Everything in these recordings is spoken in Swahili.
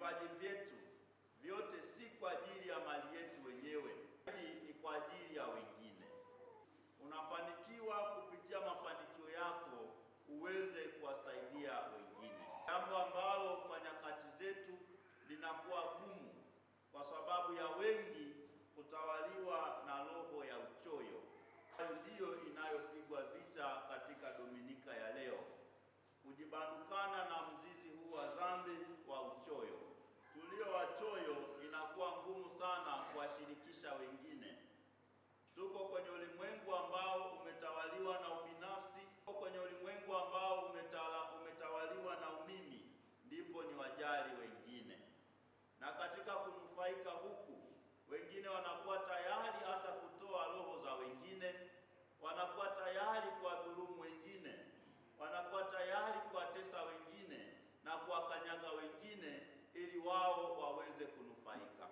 vipaji vyetu vyote si kwa ajili ya mali yetu wenyewe, bali ni kwa ajili ya wengine. Unafanikiwa kupitia mafanikio yako uweze kuwasaidia wengine, jambo ambalo kwa nyakati zetu linakuwa gumu kwa sababu ya wengi kutawaliwa na roho ya uchoyo. Hayo ndiyo inayopigwa vita katika Dominika ya leo, kujibandukana na mzizi huu wa dhambi wa uchoyo wachoyo inakuwa ngumu sana kuwashirikisha wengine. Tuko kwenye ulimwengu ambao umetawaliwa na ubinafsi, tuko kwenye ulimwengu ambao umetala, umetawaliwa na umimi, ndipo ni wajali wengine, na katika kunufaika huku wengine wanakuwa tayari hata kutoa roho za wengine, wanakuwa tayari kuwadhulumu wengine, wanakuwa tayari kuwatesa wengine na kuwakanyaga wengine wao waweze kunufaika.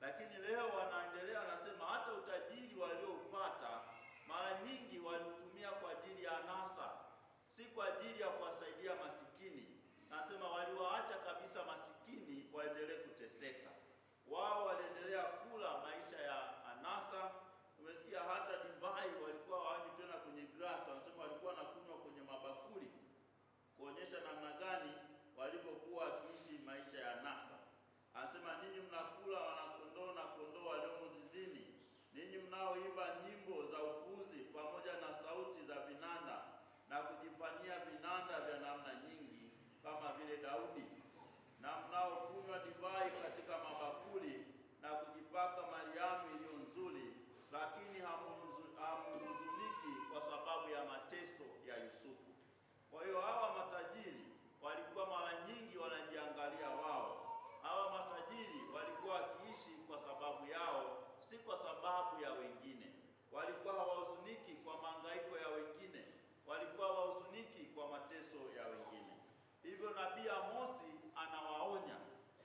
Lakini leo wanaendelea wanasema, hata utajiri walioupata mara nyingi waliutumia kwa ajili ya anasa, si kwa ajili ya kuwasaidia masikini. Nasema waliwaacha kabisa masikini waendelee kuteseka, wao waliendelea kula maisha ya anasa. Umesikia hata divai walikuwa hawanywi tena kwenye glasi, wanasema walikuwa wanakunywa kwenye mabakuli, kuonyesha namna gani walivyokuwa wakiishi maisha ya anasa anasema ninyi mnakula wanakondoo na kondoo waliomo zizini, ninyi mnaoimba nyimbo za upuzi pamoja na sauti za vinanda na kujifanyia vinanda vya namna nyingi kama vile Daudi, na mnaokunywa divai katika mabakuli na kujipaka mariamu iliyo nzuri, lakini hamuhuzuniki kwa sababu ya mateso ya Yusufu. Kwa hiyo hawa matajiri pia Mosi anawaonya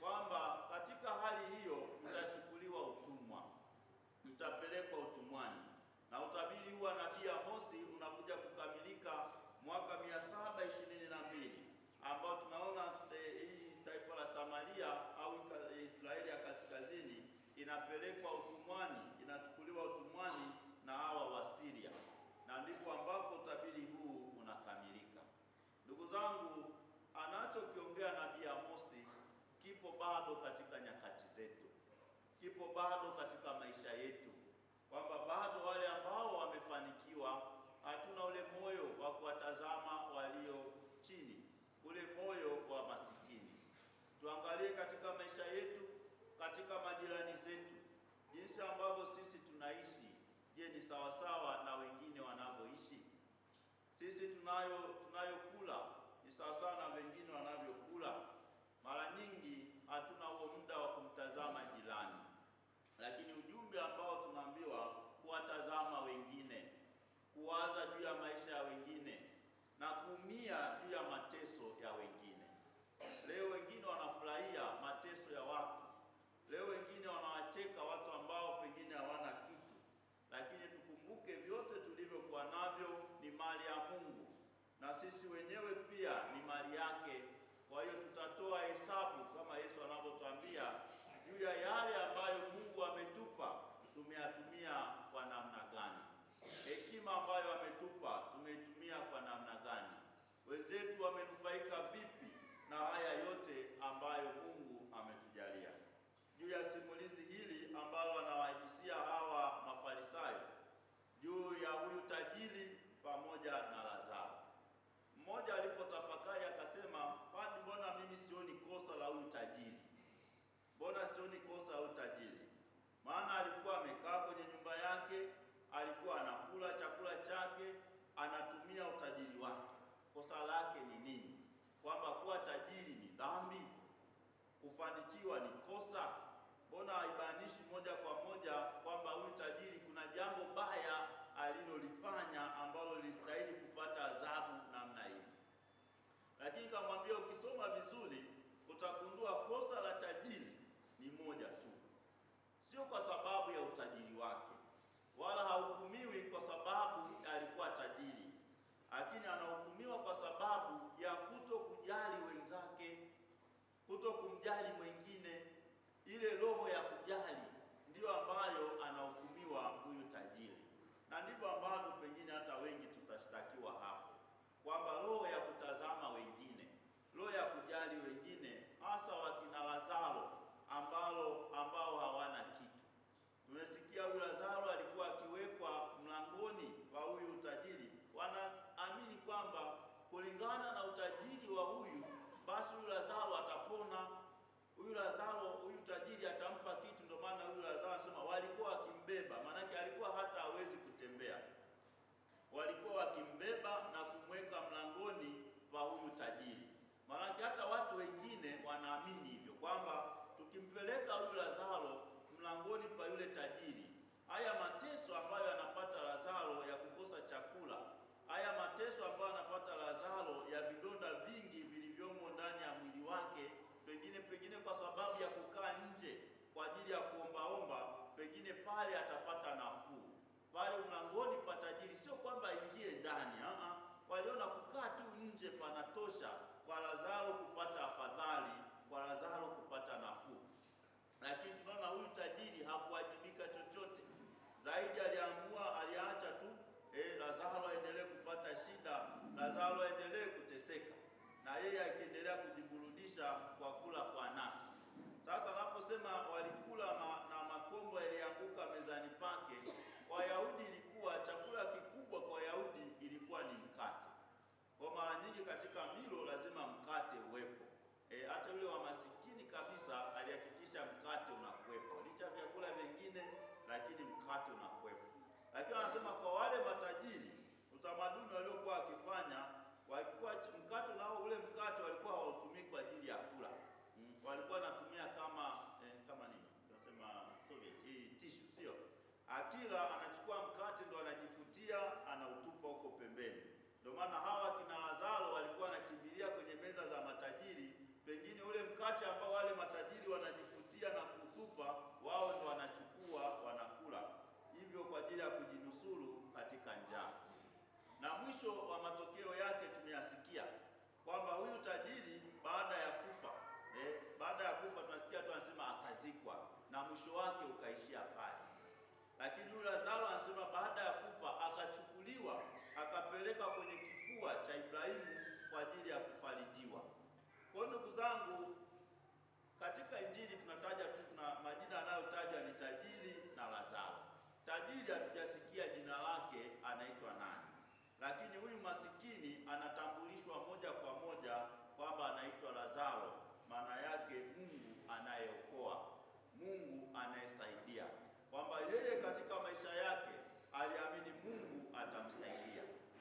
kwamba katika hali hiyo mtachukuliwa utumwa, mtapelekwa utumwani, na utabiri huu wa nabii Amosi unakuja kukamilika mwaka 722 ambao tunaona eh, hii taifa la Samaria au Israeli ya kaskazini inapelekwa utumwani alichokiongea nabii Amosi kipo bado katika nyakati zetu, kipo bado katika maisha yetu, kwamba bado wale ambao wamefanikiwa, hatuna ule moyo wa kuwatazama walio chini, ule moyo wa masikini. Tuangalie katika maisha yetu, katika majirani zetu, jinsi ambavyo sisi tunaishi. Je, ni sawasawa na wengine wanavyoishi? Sisi tunayo tunayo kuwaza juu ya maisha ya wengine na kuumia juu ya mateso ya wengine. Leo wengine wanafurahia mateso ya watu, leo wengine wanawacheka watu ambao pengine hawana kitu, lakini tukumbuke vyote tulivyokuwa navyo ni mali ya Mungu na sisi wenyewe pia ni mali yake. Kwa hiyo tutatoa hesabu anatumia utajiri wake. Kosa lake ni nini? Kwamba kuwa tajiri ni dhambi? Kufanikiwa ni kosa? Mbona haibainishi moja kwa moja kwamba huyu tajiri kuna jambo baya alilolifanya ambalo listahili kupata adhabu namna hii? Lakini kamwambia, ukisoma vizuri utagundua basi huyu Lazaro atapona, huyu Lazaro, huyu tajiri atampa kitu. Ndio maana huyu Lazaro anasema walikuwa wakimbeba, maanake alikuwa hata hawezi kutembea. Walikuwa wakimbeba na kumweka mlangoni pa huyu tajiri, maanake hata watu wengine wanaamini hivyo kwamba tukimpeleka huyu Lazaro mlangoni pa yule tajiri, haya mateso ambayo anapata Lazaro ya kukosa chakula, haya mateso ambayo anapata Lazaro ya vidonda vingi wake, pengine pengine kwa sababu ya kukaa nje kwa ajili ya kuombaomba, pengine pale atapata nafuu. Pale mlangoni pa tajiri, sio kwamba aingie ndani, waliona kukaa tu nje panatosha kwa Lazaro kupata afadhali, kwa Lazaro kupata nafuu. Lakini tunaona huyu tajiri hakuwajibika chochote zaidi, aliamua aliacha tu eh, Lazaro aendelee kupata shida, Lazaro aendelee kuteseka na yeye akiendelea kuwakumbusha kwa kula kwa nasa. Sasa anaposema walikula ma, na makombo yalianguka mezani pake, kwa Wayahudi ilikuwa chakula kikubwa, kwa Wayahudi ilikuwa ni mkate. Kwa mara nyingi katika milo lazima mkate uwepo. E, hata yule wa masikini kabisa alihakikisha mkate unakuwepo licha vyakula vingine, lakini mkate unakuwepo. Lakini anasema kwa wale mataji mwisho wa matokeo yake tumeyasikia kwamba huyu tajiri baada ya kufa eh, baada ya kufa tunasikia tu anasema akazikwa na mwisho wake ukaishia pale. Lakini huyu Lazaro anasema baada ya kufa akachukuliwa akapeleka kwenye kifua cha Ibrahimu kwa ajili ya kufarijiwa. Kwa ndugu zangu,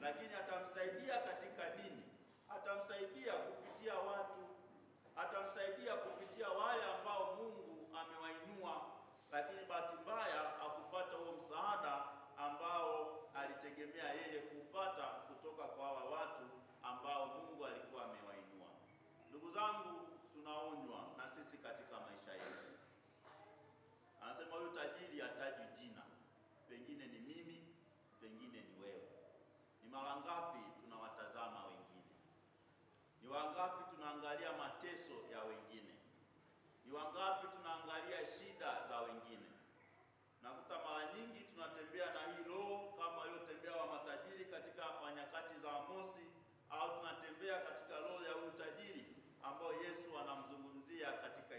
lakini atamsaidia katika dini Atamsaidia kupitia watu, atamsaidia kupitia ni mara ngapi tunawatazama wengine? Ni wangapi tunaangalia mateso ya wengine? Ni wangapi tunaangalia shida za wengine? Nakuta mara nyingi tunatembea na hii roho kama aliyotembea wa matajiri katika wanyakati za Amosi, au tunatembea katika roho ya utajiri ambayo Yesu anamzungumzia katika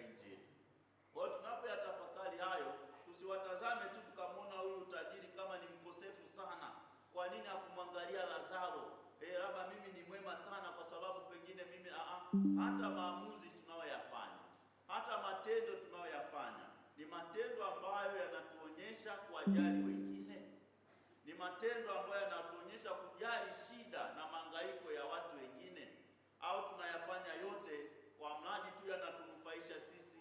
hata maamuzi tunayoyafanya, hata matendo tunayoyafanya ni matendo ambayo yanatuonyesha kuwajali wengine, ni matendo ambayo yanatuonyesha kujali shida na mangaiko ya watu wengine, au tunayafanya yote kwa mradi tu yanatunufaisha sisi,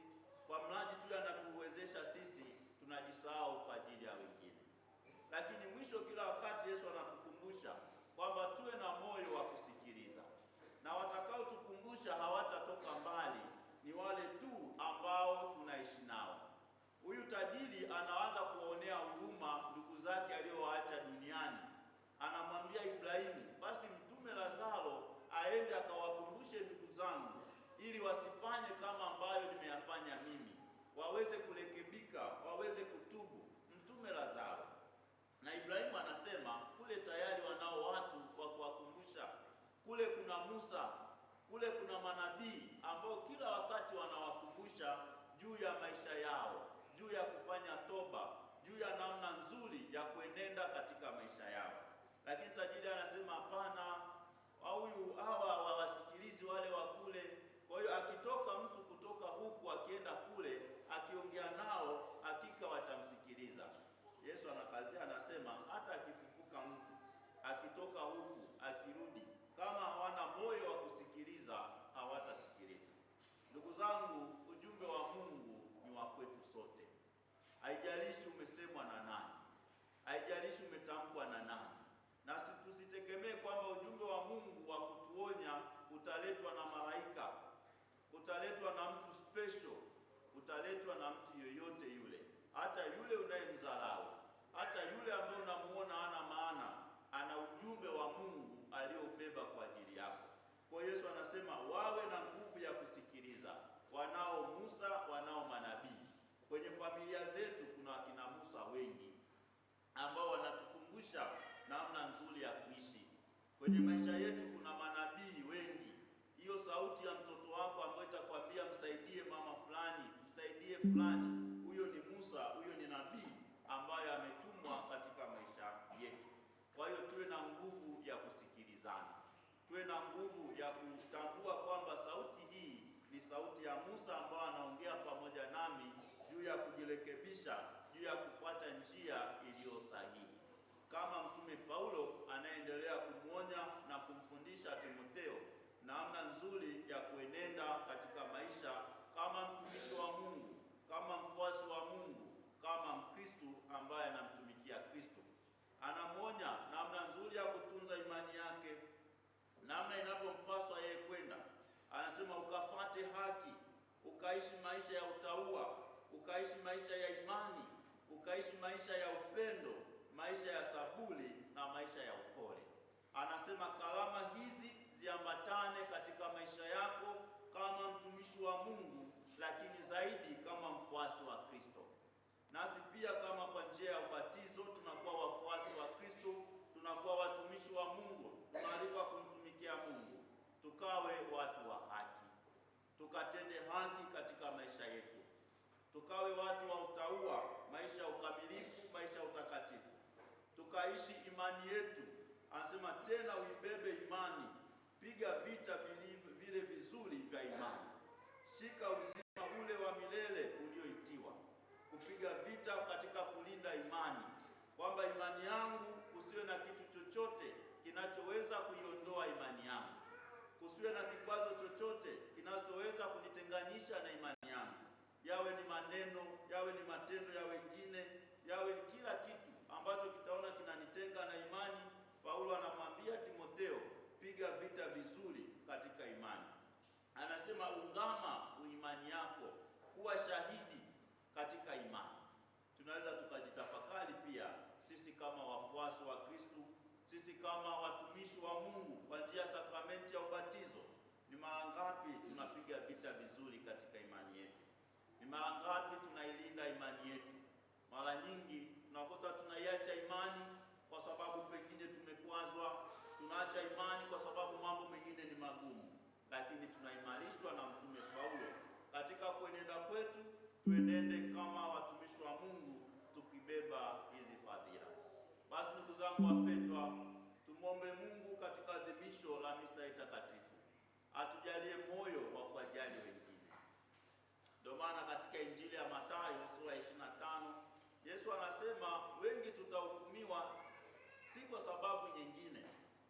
kwa mradi tu yanatuwezesha sisi, tunajisahau kwa ajili ya wengine. Lakini mwisho, kila wakati Yesu anatukumbusha kwamba tuwe na moyo wa kisha hawatatoka mbali ni wale tu ambao tunaishi nao. Huyu tajiri anaanza kuwaonea huruma ndugu zake aliyowaacha duniani. Anamwambia Ibrahimu, basi mtume Lazaro aende akawakumbushe ndugu zangu, ili wasifanye kama ambayo nimeyafanya mimi, waweze kurekebika, waweze kutubu. Mtume Lazaro na Ibrahimu anasema kule tayari wanao watu wa kuwakumbusha. Kule kuna Musa manabii ambao kila wakati wanawakumbusha juu ya maisha yao, juu ya kufanya toba, juu ya namna nzuri ya kuenenda katika maisha yao. Lakini tajiri anasema hapana, huyu hawa haijalishi umesemwa na nani, haijalishi umetamkwa na nani, na tusitegemee kwamba ujumbe wa Mungu wa kutuonya utaletwa na malaika, utaletwa na mtu special, utaletwa na mtu yoyote yule, hata yule unayemdharau, hata yule ambaye unamuona hana maana, ana ujumbe wa Mungu aliyobeba kwa ajili yako. Kwa Yesu anasema wawe na nguvu ya kusikiliza, wanao Musa, wanao manabii Kwenye familia zetu kuna wakina Musa wengi ambao wanatukumbusha namna nzuri ya kuishi. Kwenye maisha yetu kuna manabii wengi. Hiyo sauti ya mtoto wako ambayo itakwambia msaidie mama fulani, msaidie fulani namna inavyompaswa yeye kwenda. Anasema ukafate haki, ukaishi maisha ya utaua ukaishi maisha ya imani, ukaishi maisha ya upendo, maisha ya sabuli na maisha ya upole. Anasema kalama hizi ziambatane katika maisha yako kama mtumishi wa Mungu, lakini zaidi kama mfuasi wa tukawe watu wa haki, tukatende haki katika maisha yetu, tukawe watu wa utaua, maisha ya ukamilifu, maisha ya utakatifu, tukaishi imani yetu. Anasema tena uibebe imani, piga vita vile vizuri vya imani, shika uzi kama watumishi wa Mungu kwa njia ya sakramenti ya ubatizo, ni mara ngapi tunapiga vita vizuri katika imani yetu? Ni mara ngapi tunailinda imani yetu? Mara nyingi tunakuta tunaiacha imani kwa sababu pengine tumekwazwa, tunaacha imani kwa sababu mambo mengine ni magumu, lakini tunaimarishwa na Mtume Paulo katika kuenenda kwetu, tuenende kama watumishi wa Mungu tukibeba hizi fadhila. Basi ndugu zangu wapendwa tujalie moyo wa kuwajali wengine. Ndio maana katika Injili ya Mathayo sura 25 Yesu anasema wengi tutahukumiwa si kwa sababu nyingine,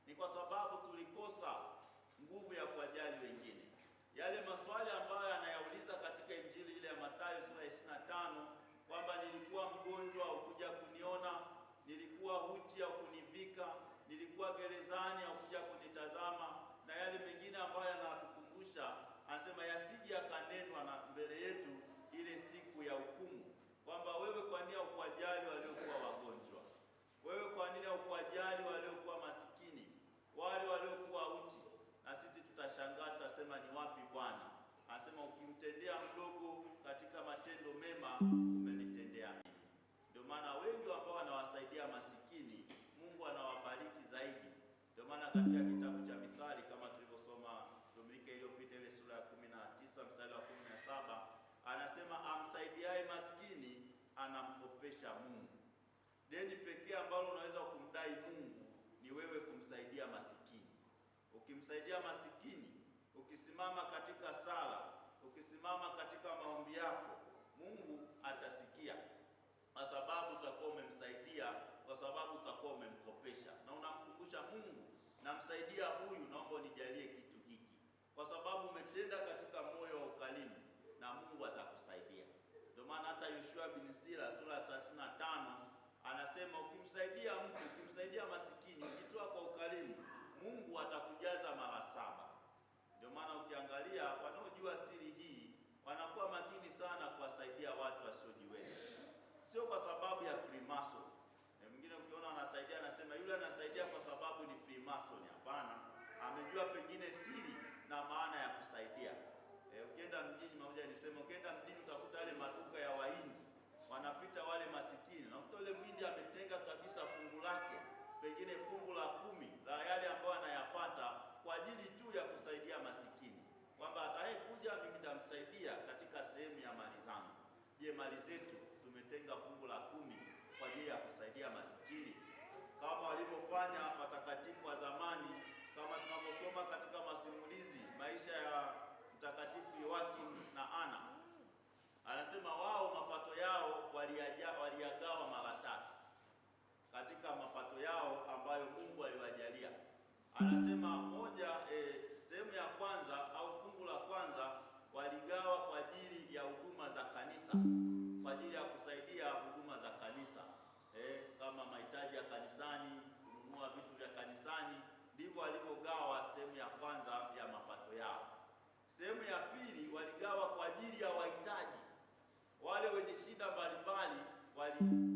ni kwa sababu tulikosa nguvu ya kuwajali wengine. Yale maswali ambayo anayauliza katika Injili ile ya Mathayo sura 25 kwamba nilikuwa mgonjwa ukuja kuniona, nilikuwa uchi kunivika, nilikuwa gerezani kuja kunitazama, na yale mengine ambayo kutukumbusha, anasema yasije yakanenwa na mbele yetu ile siku ya hukumu, kwamba wewe kwa nini haukuwajali waliokuwa wagonjwa? Wewe kwa nini haukuwajali waliokuwa masikini, wale waliokuwa uchi? Na sisi tutashangaa, tutasema ni wapi Bwana? Anasema ukimtendea mdogo katika matendo mema umenitendea mimi. Ndio maana wengi ambao wanawasaidia masikini Mungu anawabariki zaidi. Ndio maana katika kumrudisha Mungu. Deni pekee ambalo unaweza kumdai Mungu ni wewe kumsaidia masikini. Ukimsaidia masikini, ukisimama katika sala, ukisimama katika maombi yako, Mungu atasikia, kwa sababu utakuwa umemsaidia, kwa sababu utakuwa umemkopesha na unamkumbusha Mungu, namsaidia huyu, naomba unijalie kitu hiki, kwa sababu umetenda katika moyo wa ukarimu, na Mungu atakusaidia. Ndio maana hata Yoshua bin Sira sura Ukimsaidia mtu, ukimsaidia masikini, ukitoa kwa ukarimu, Mungu atakujaza mara saba. Ndio maana ukiangalia wanaojua siri hii wanakuwa makini sana kuwasaidia watu wasiojiweza, sio kwa sababu ya Freemason. Na mwingine ukiona anasaidia anasema yule anasaidia kwa sababu ni Freemason. Hapana, amejua pengine siri na maana ya kusaidia. E, ukienda mjini, mmoja nisema, ukienda mjini utakuta yale maduka ya Wahindi wanapita wale masikini. la kumi la yale ambayo anayapata kwa ajili tu ya kusaidia masikini, kwamba atakayekuja mimi nitamsaidia katika sehemu ya mali zangu. Je, mali zetu tumetenga fungu la kumi kwa ajili ya kusaidia masikini kama walivyofanya watakatifu wa zamani, kama tunavyosoma katika masimulizi maisha ya Mtakatifu Yoakim na Ana, anasema wao mapato yao waliyaga katika mapato yao ambayo Mungu aliwajalia. Anasema moja e, sehemu ya kwanza au fungu la kwanza waligawa kwa ajili ya huduma za kanisa, kwa ajili ya kusaidia huduma za kanisa e, kama mahitaji ya kanisani, kununua vitu vya kanisani, ndivyo walivyogawa sehemu ya kwanza ya mapato yao. Sehemu ya pili waligawa kwa ajili ya wahitaji, wale wenye shida mbalimbali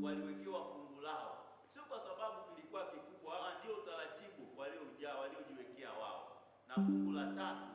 waliwekewa wali na fungu la